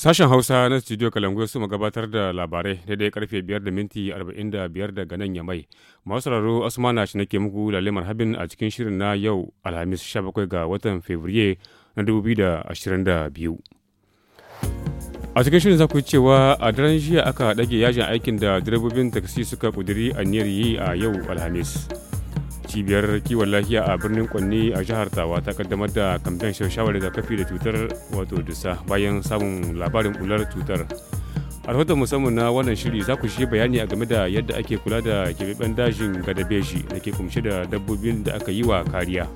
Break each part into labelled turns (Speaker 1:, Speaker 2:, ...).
Speaker 1: Sashen Hausa na Studio Kalangoyo su gabatar da labarai daidai karfe 5 da minti 45 daga nan ya mai. Masu raro Asmana shi nake muku lalimar habin a cikin shirin na yau Alhamis 17 ga watan Fabriye na 2022. A cikin shirin za ku cewa a daren jiya aka ɗage yajin aikin da direbobin taksi suka ƙudiri a yi a yau Alhamis. cibiyar kiwon lafiya a birnin kwanne a jihar tawa ta kaddamar da kamfen shawarar rigakafi da cutar wato dusa bayan samun labarin bular cutar a rahoton musamman na wannan shiri za ku shi bayani a game da yadda ake kula da keɓaɓɓen dajin gadabeshi da ke kumshe da dabbobin da aka yi wa kariya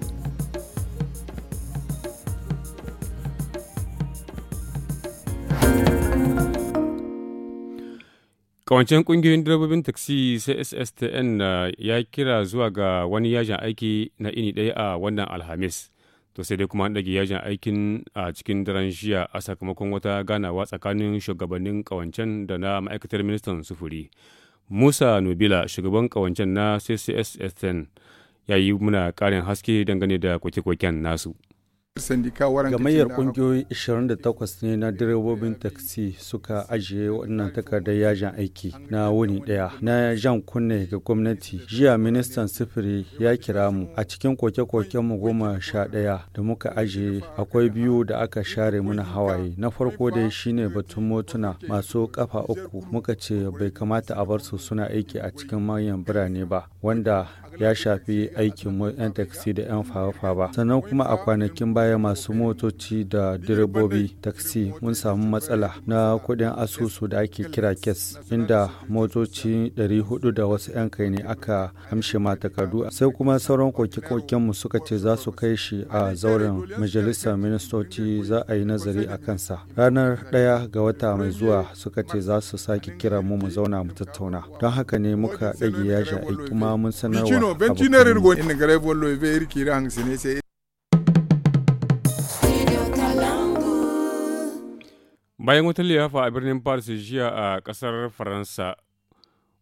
Speaker 1: kawancen kungiyoyin direbobin taksi cstn uh, ya kira zuwa ga wani yajin aiki na ini ɗaya a wannan alhamis to sai dai kuma an ɗage yajin aikin a cikin daren shiya a sakamakon wata ganawa tsakanin shugabannin kawancen da na ma'aikatar ministan sufuri musa nubila shugaban kawancen na ccsstn ya yi muna ƙarin haske dangane da kwake-kwaken nasu
Speaker 2: Gamayyar kungiyoyi 28 ne na direbobin taksi suka ajiye wannan takardar yajin aiki na wuni daya na jan kunne ga gwamnati. Jiya ministan sifiri ya kira mu a cikin koke koke mu goma sha daya da muka ajiye akwai biyu da aka share mana hawaye. Na farko dai shine batun motuna masu kafa uku muka ce bai kamata a bar su suna aiki a cikin manyan birane ba wanda ya shafi aikin 'yan taksi da 'yan fafa ba. Sannan kuma a kwanakin baya masu motoci da direbobi taksi mun samu matsala na kuɗin asusu da ake kira kes inda motoci 400 da wasu 'yan kai ne aka amshe ma takardu. Sai kuma sauran koke-koken mu suka ce za su kai shi a zauren majalisar ministoci za a yi nazari a kansa. Ranar ɗaya ga wata mai zuwa suka ce za su sake kira mu mu zauna mu tattauna. Don haka ne muka ɗage yajin aiki kuma mun sanarwa no 21 ir go
Speaker 3: en bollo e veri ki rang sene se
Speaker 1: bayan wata liyafa a birnin paris jiya a kasar faransa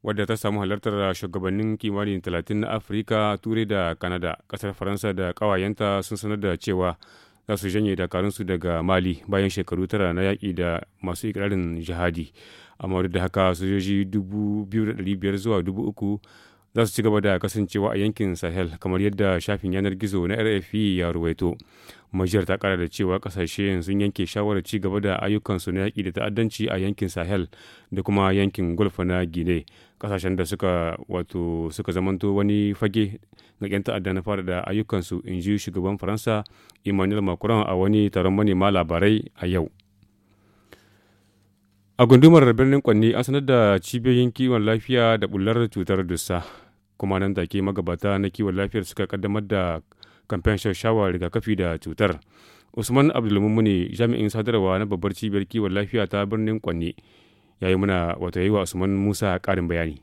Speaker 1: wadda ta samu halartar shugabannin kimanin 30 na afirka turai da kanada kasar faransa da kawayenta sun sanar da cewa za su janye dakarunsu daga mali bayan shekaru tara na yaƙi da masu ikirarin jihadi amma da haka sojoji 2,500 zuwa 3,000 za su ci gaba da kasancewa a yankin sahel kamar yadda shafin yanar gizo na rfi e ya ruwaito majiyar ta kara da cewa kasashe sun yanke shawarar ci gaba da ayyukansu na yaƙi da ta'addanci a yankin sahel da kuma yankin gulf na gine kasashen da suka wato suka zamanto wani fage ga 'yan ta'adda na fara da ayyukansu in ji shugaban faransa emmanuel macron a wani taron manema labarai a yau a gundumar birnin kwanni an sanar da cibiyoyin kiwon lafiya da bullar cutar dussa kuma nan take magabata na kiwon lafiyar suka kaddamar da kamfen shawarar rigakafi da cutar usman abdulmumuni jami'in sadarwa na babbar cibiyar kiwon lafiya ta birnin kwanne ya yi muna wata yi wa usman musa karin bayani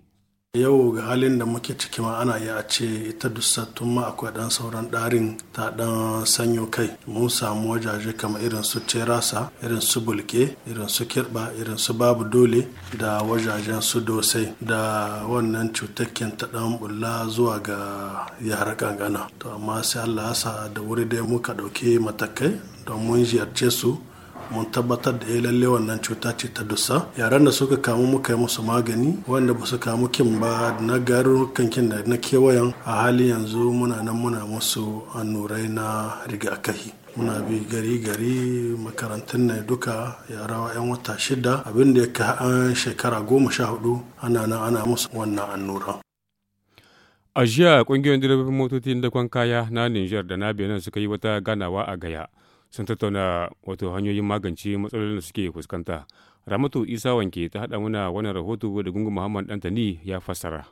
Speaker 4: yau ga halin da muke ciki ma ana iya ce ita dusattun ma akwai dan sauran ɗarin ta dan sanyo kai mun samu wajaje kamar irin su cerasa irin su bulke irin su kirba irin su babu dole da wajajen su dosai da wannan cutakken ta dan bulla zuwa ga yara kankana to amma sai allah sa da wuri dai muka ɗauki matakai don mun ziyarce su mun tabbatar da ya eh, lalle wannan cuta ce ta dussa yaran da suka kamu muka yi musu magani wanda ba su kamu kin ba na garurukan kin da na kewayen a halin yanzu muna nan muna musu annurai na rigakahi muna bi gari gari makarantun ne duka yara 'yan wata shida abin da ya ka an shekara goma sha hudu ana nan ana musu wannan annura
Speaker 1: a jiya kungiyoyin direbobin motocin dakon kaya na niger da na benin suka yi wata ganawa a gaya sun tattauna wato hanyoyin magance matsalolin da suke fuskanta. Ramatu Isa Wanke ta haɗa muna wannan rahoto da Gungun Muhammad Dantani ya fassara.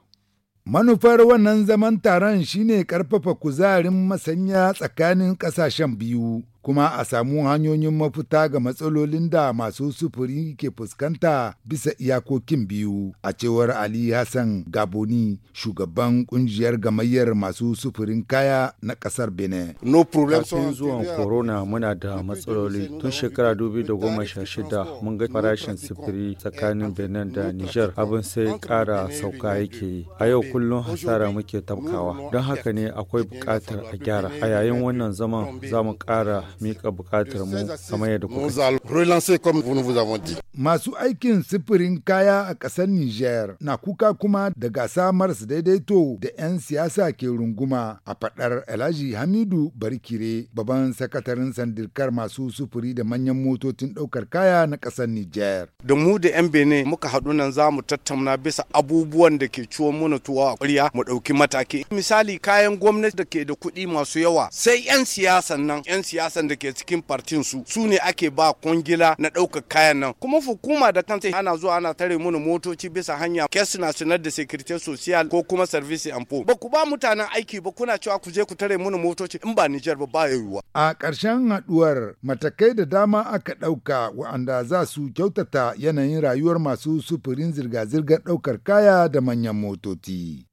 Speaker 5: Manufar wannan zaman taron shine ƙarfafa kuzarin masanya tsakanin ƙasashen biyu. kuma a samu hanyoyin mafita ga matsalolin da masu sufuri ke fuskanta bisa iyakokin biyu a cewar ali hassan gaboni shugaban kungiyar gamayyar masu sufurin kaya na
Speaker 2: kasar benin no kafin zuwan corona muna da matsaloli tun shekara 2016 mun ga farashin sufuri tsakanin benin da niger abin sai kara sauka yake yi a yau kullum hasara muke tabkawa don haka ne akwai bukatar a gyara a yayin wannan zaman za mu kara mika bukatar mu kamar yadda kuka Masu
Speaker 5: aikin sifirin kaya a ƙasar niger na kuka kuma da gasa su daidaito da 'yan siyasa ke runguma a faɗar Alhaji Hamidu Barkire, baban sakataren sandirkar masu sufuri da manyan motocin ɗaukar kaya na ƙasar niger.
Speaker 3: Da mu da 'yan bene muka haɗu nan za mu tattauna bisa abubuwan da ke ciwon muna tuwa a ƙwarya mu ɗauki mataki. Misali kayan gwamnati da ke da kuɗi masu yawa sai 'yan siyasa nan 'yan siyasa siyasan da ke cikin partin su su ne ake ba kwangila na ɗaukar kayan nan kuma hukuma da kanta ana zuwa ana tare mana motoci bisa hanya kes national da security social ko kuma service and ba ku ba mutanen aiki ba kuna cewa ku je ku tare mana motoci in ba Nijar ba ba yiwuwa
Speaker 5: a ƙarshen haɗuwar matakai da dama aka ɗauka wa'anda za su kyautata yanayin rayuwar masu sufurin zirga-zirgar ɗaukar kaya da manyan motoci.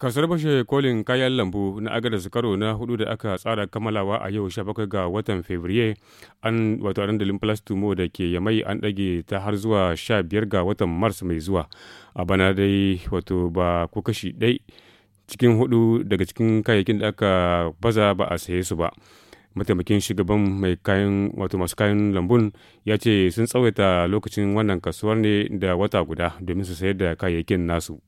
Speaker 1: kasar bashe kolin kayan lambu na su karo na hudu da aka tsara kammalawa a yau 17 ga watan Fabriye an wato dandalin tumo da ke yamai an dage ta har zuwa 15 ga watan Mars mai zuwa. A bana dai wato ba ko kashi dai cikin hudu daga cikin kayayyakin da aka baza ba a saye su ba. Mataimakin shugaban mai kayan wato masu kayan lambun ya ce sun tsawaita lokacin wannan kasuwar ne da wata guda domin su sayar da kayayyakin nasu.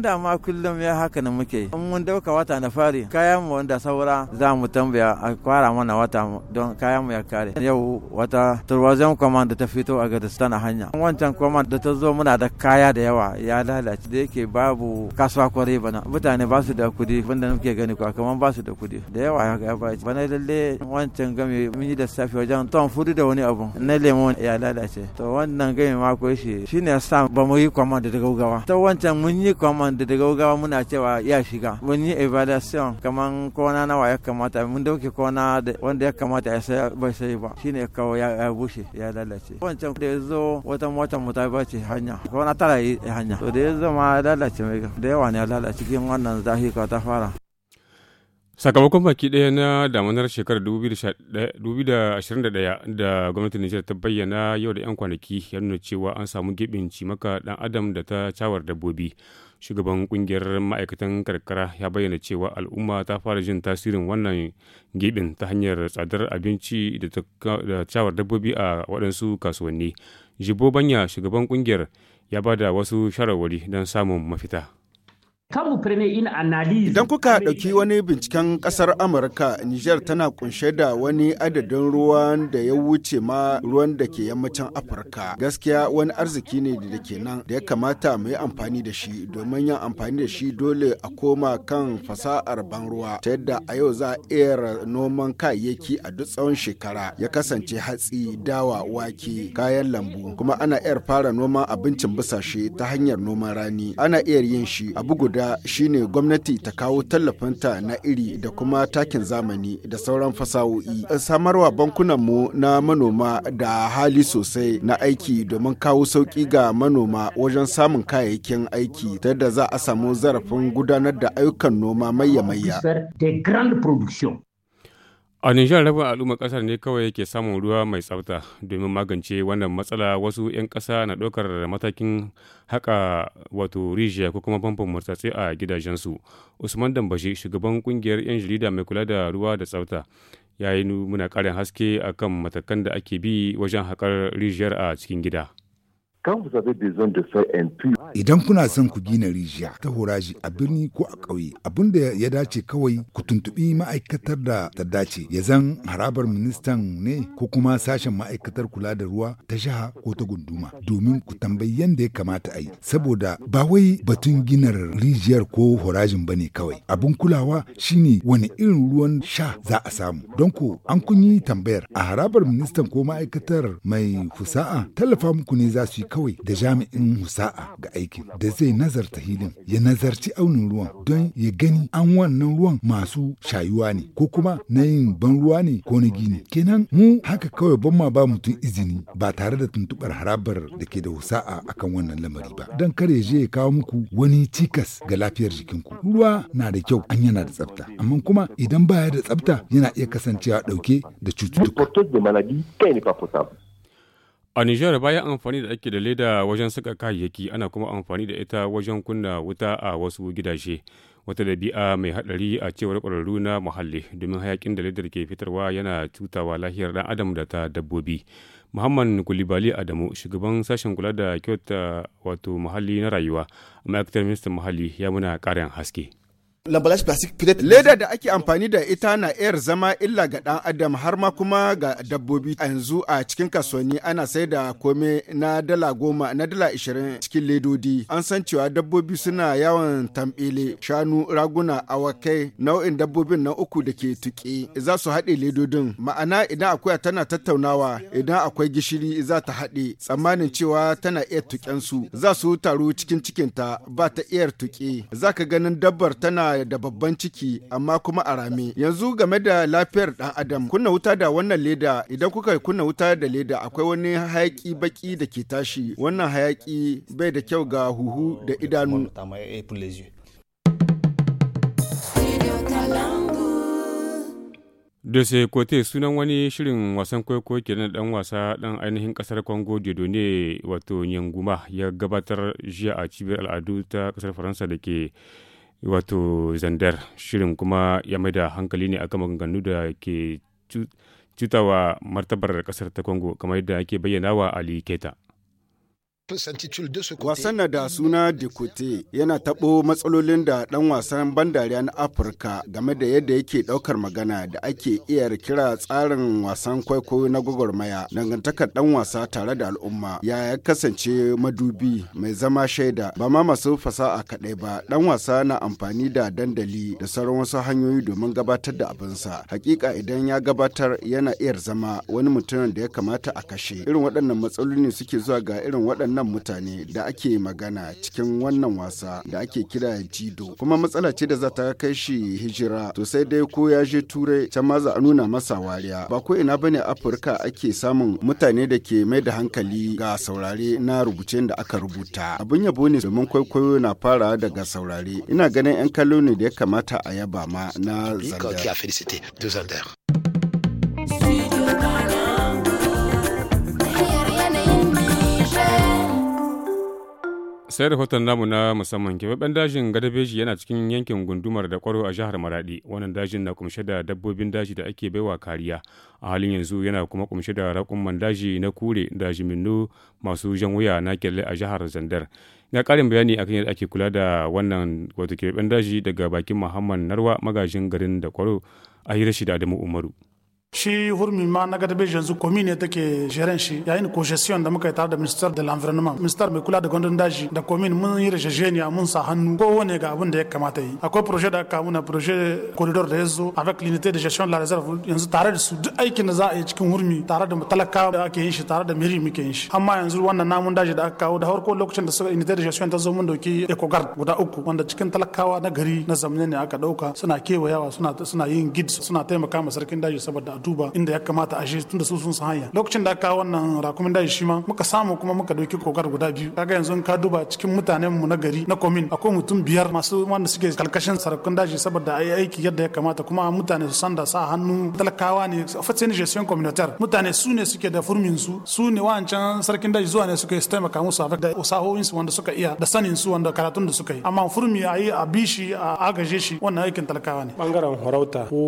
Speaker 6: da ma kullum ya haka ne muke in mun dauka wata na fari kaya mu wanda saura za mu tambaya a kwara mana wata don kaya mu ya kare yau wata turwazen command da ta fito a gadistan na hanya wancan command da ta zo muna da kaya da yawa ya lalace da yake babu kasuwa kwarai bana mutane ba su da kudi banda muke gani kwa kamar ba su da kudi da yawa ya ga ba bana lalle wancan game mun yi da safi wajen ton furi da wani abu na lemon ya lalace to wannan game ma ko shi shine ya sa ba mu yi command da gaugawa ta wancan mun yi command da daga gawa muna cewa ya shiga mun yi evaluation kaman kona nawa ya kamata mun dauke kona wanda ya kamata ya sai ba sai ba shine kawo ya bushe ya lalace wancan da yazo wata mota mota ba ce hanya kona tara yi hanya to da yazo ma lalace mai da yawa ne lalace cikin wannan zahi ka ta fara
Speaker 1: sakamakon baki ɗaya na damanar shekarar 2021 da gwamnatin nijar ta bayyana yau da 'yan kwanaki ya nuna cewa an samu gibin cimaka ɗan adam da ta cawar dabbobi shugaban kungiyar ma'aikatan karkara ya bayyana cewa al'umma ta fara jin tasirin wannan gibin ta hanyar tsadar abinci da cawar dabbobi a waɗansu kasuwanni jibo banya shugaban kungiyar ya bada wasu shawarwari don samun mafita
Speaker 3: Idan kuka ɗauki wani binciken ƙasar Amurka, Nijar tana kunshe da wani adadin ruwan da ya wuce ma ruwan da ke yammacin Afirka. Gaskiya wani arziki ne da ke nan da ya kamata mu yi amfani da shi domin yin amfani da shi dole a koma kan fasa'ar ban ruwa ta yadda a yau za a iya noman kayayyaki a duk tsawon shekara ya kasance hatsi, dawa, wake, kayan lambu kuma ana iya fara noman abincin busashe ta hanyar noman rani. Ana iya yin shi a bugu da jira shine gwamnati ta kawo tallafinta na iri da kuma takin zamani da sauran fasahohi. Samarwa bankunanmu na manoma da hali sosai na aiki domin kawo sauƙi ga manoma wajen samun kayayyakin aiki ta da za a samu zarafin gudanar da ayyukan noma mayya-mayya.
Speaker 1: A Nijar rabin al'ummar kasar ne kawai ke samun ruwa mai tsafta domin magance wannan matsala wasu 'yan kasa na ɗaukar matakin haƙa wato rijiya ko kuma famfon murtsatse a gidajensu. Usman Dambashi shugaban kungiyar 'yan jarida mai kula da ruwa da tsafta ya yi muna ƙarin haske a kan matakan da ake bi wajen haƙar rijiyar a cikin gida.
Speaker 5: Idan kuna son ku gina rijiya ta horaji a birni ko a ƙauye, abin da ya dace kawai ku tuntuɓi ma'aikatar da ta dace, ya zan harabar ministan ne ko kuma sashen ma'aikatar kula da ruwa ta jiha ko ta gunduma domin ku tambayi yadda ya kamata a yi. Saboda ba wai batun gina rijiyar ko horajin ba ne kawai. Abin kulawa shine wani irin ruwan sha za a samu. Don ku an kun yi tambayar a harabar ministan ko ma'aikatar mai husa'a tallafa muku ne za su yi kawai da jami'in husa'a ga aiki. aikin da zai nazarta hilin ya nazarci aunin ruwan don ya gani an wannan ruwan masu shayuwa ne ko kuma na yin ban ruwa ne ko na gini kenan mu haka kawai ban ma ba mutum izini ba tare da tuntubar harabar da ke da husa'a akan wannan lamari ba don kar ya je ya kawo muku wani cikas ga lafiyar jikinku ruwa na da kyau an yana da tsafta amma kuma idan baya da tsafta yana iya kasancewa dauke da cututtuka
Speaker 1: A Nijar bayan amfani da ake da leda wajen saka kayayyaki ana kuma amfani da ita wajen kunna wuta a wasu gidaje. Wata dabi'a mai haɗari a cewar ƙwararru na muhalli domin hayakin da ledar ke fitarwa yana cutawa lahiyar ɗan adam da ta dabbobi. Muhammad Kulibali Adamu shugaban sashen kula da kyauta wato muhalli na rayuwa a ma'aikatar ministan muhalli ya muna ƙarin haske.
Speaker 3: L'emballage plastic peut-être Leda da ake amfani da ita na iya zama illa ga dan adam har ma kuma ga dabbobi a yanzu a cikin kasuwanni ana sai da kome na dala goma na dala ishirin cikin ledodi an san cewa dabbobi suna yawan tambele shanu raguna awakai nau'in dabbobin na uku da ke tuƙe za su haɗe ledodin ma'ana idan akwai tana tattaunawa idan akwai gishiri za ta haɗe tsammanin cewa tana iya tuƙen su za su taru cikin cikinta ba ta iya tuƙe za ka ganin dabbar tana yana da babban ciki amma kuma a rame. Yanzu game da lafiyar ɗan adam kunna wuta da wannan leda idan kuka kunna wuta da leda akwai wani hayaki baki da ke tashi wannan hayaki bai da kyau ga huhu da idanu.
Speaker 1: da sai kote sunan wani shirin wasan kwaikwayo ke na dan wasa dan ainihin kasar congo ne wato nyanguma ya gabatar jiya a cibiyar al'adu ta kasar faransa da ke wato zandar shirin kuma ya mai da hankali ne akan maganganu da ke cutawa martabar kasar ta congo kamar yadda ake bayyana wa ali keta
Speaker 3: Wasan na da suna Dikote yana taɓo matsalolin da ɗan wasan bandariya na Afirka game da yadda yake ɗaukar magana da ake iya kira tsarin wasan kwaikwayo na gwagwarmaya dangantakar ɗan wasa tare da al'umma ya kasance madubi mai zama shaida ba ma masu fasaha kaɗai ba ɗan wasa na amfani da dandali da sauran wasu hanyoyi domin gabatar da abinsa hakika idan ya gabatar yana iya zama wani mutumin da ya kamata a kashe irin waɗannan matsaloli suke zuwa ga irin waɗannan waɗannan mutane da ake magana cikin wannan wasa da ake kira jido kuma matsala ce da za ta kai shi hijira to sai dai ko ya je turai can ma za a nuna masa wariya ba ko ina bane afirka ake samun mutane da ke mai da hankali ga saurare na rubuce da aka rubuta abin yabo ne domin kwaikwayo na fara daga saurare ina ganin 'yan kallo ne da ya kamata a yaba ma na
Speaker 4: zandar.
Speaker 1: sai rahoton namu na musamman keɓaɓɓen dajin gadabeji yana cikin yankin gundumar da kwaro a jihar maradi wannan dajin na kumshe da dabbobin daji da ake baiwa kariya a halin yanzu yana kuma kumshe da raƙumman daji na kure da jiminnu masu jan wuya na kyalle a jihar zandar ga ƙarin bayani akan yadda ake kula da wannan wato keɓaɓɓen daji daga bakin muhammad narwa magajin garin da kwaro a hira shi da adamu umaru
Speaker 4: shi hurmi ma na gadabe yanzu komi ne take shirin shi yayin concession da muka yi tare da minister de l'environnement minister mai kula da gandun daji da komin mun yi rajajeniya mun sa hannu wane ga abin da ya kamata yi akwai proje da aka muna proje corridor da ya zo avec l'unité de gestion de la réserve yanzu tare da su duk aikin da za a yi cikin hurmi tare da talaka da ake yin shi tare da miri muke yin shi amma yanzu wannan namun daji da aka kawo da farko lokacin da suka unité de gestion ta zo mun dauki ecogard guda uku wanda cikin talakawa na gari na zamani ne aka dauka suna kewayawa suna suna yin gid suna taimaka ma sarkin daji saboda duba inda ya kamata a shi da su sun san hanya lokacin da aka wannan rakumin daji shi ma muka samu kuma muka dauki kokar guda biyu kaga yanzu ka duba cikin mutanen mu na gari na komin akwai mutum biyar masu wanda suke kalkashin sarakun daji saboda ai aiki yadda ya kamata kuma mutane su san da sa hannu talakawa ne fatse ne gestion communautaire mutane su ne suke da furmin su su ne wancan sarkin daji zuwa ne suka taimaka musu a da usahohin su wanda suka iya da sanin su wanda karatun da suka yi amma furmi ayi a bishi a agaje shi wannan aikin talakawa ne bangaren farauta ko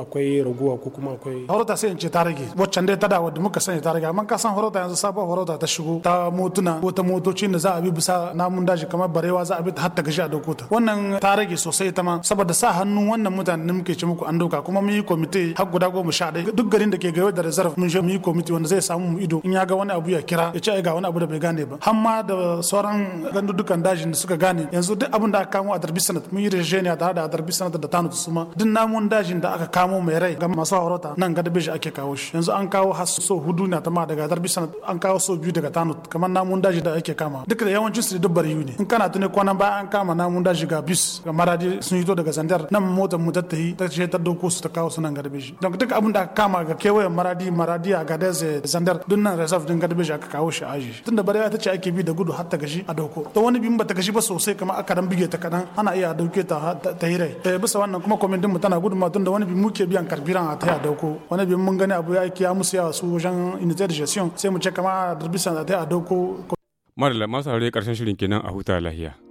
Speaker 4: akwai raguwa ko kuma akwai horota sai in ce ta rage waccan dai ta da muka sani ta rage amma ka san horota yanzu sabon horota ta shigo ta motuna ko ta motoci da za a bi bisa namun daji kamar barewa za a bi har ta gashi a dokota wannan ta rage sosai ta ma saboda sa hannu wannan ne muke ci muku an doka kuma mun yi komite har guda goma sha ɗaya duk garin da ke gayo da reserve mun je mun yi komite wanda zai samu mu ido in ya ga wani abu ya kira ya ce ga wani abu da bai gane ba har ma da sauran gandudukan dajin da suka gane yanzu duk abin da aka kamo a darbi sanat mun yi rejeniya tare da darbi sanat da tanu ma duk namun dajin da aka kamo mai rai ga masu horota nan gada beji ake kawo shi yanzu an kawo har so hudu na ta ma daga darbisa an kawo so biyu daga tanut kamar namun daji da ake kama duka da yawancin su dubbar yu ne in kana tuni kwanan baya an kama namun daji ga bis ga maradi sun hito daga zandar nan motar mu tattahi ta ce ta dauko su ta kawo su nan gada beji don duk abin da aka kama ga kewayen maradi maradi a gada eh, zandar duk nan reserve din gada beji aka kawo shi aji tunda barewa ta ce ake bi da gudu har ta gashi a dauko to wani bin ba ta gashi ba sosai kamar aka dan bige ta kadan ana iya dauke ta ta hirai eh, bisa wannan kuma kwamitin mu tana gudunmawa tunda wani bin muke biyan karbiran a ta ya dauko ko wani bin mun gani abu ya aiki ya musu yawa su wajen initial gestion sai mu ce kama da bisan da ta a dauko.
Speaker 1: Marla masu karshen shirin kenan a huta lahiya.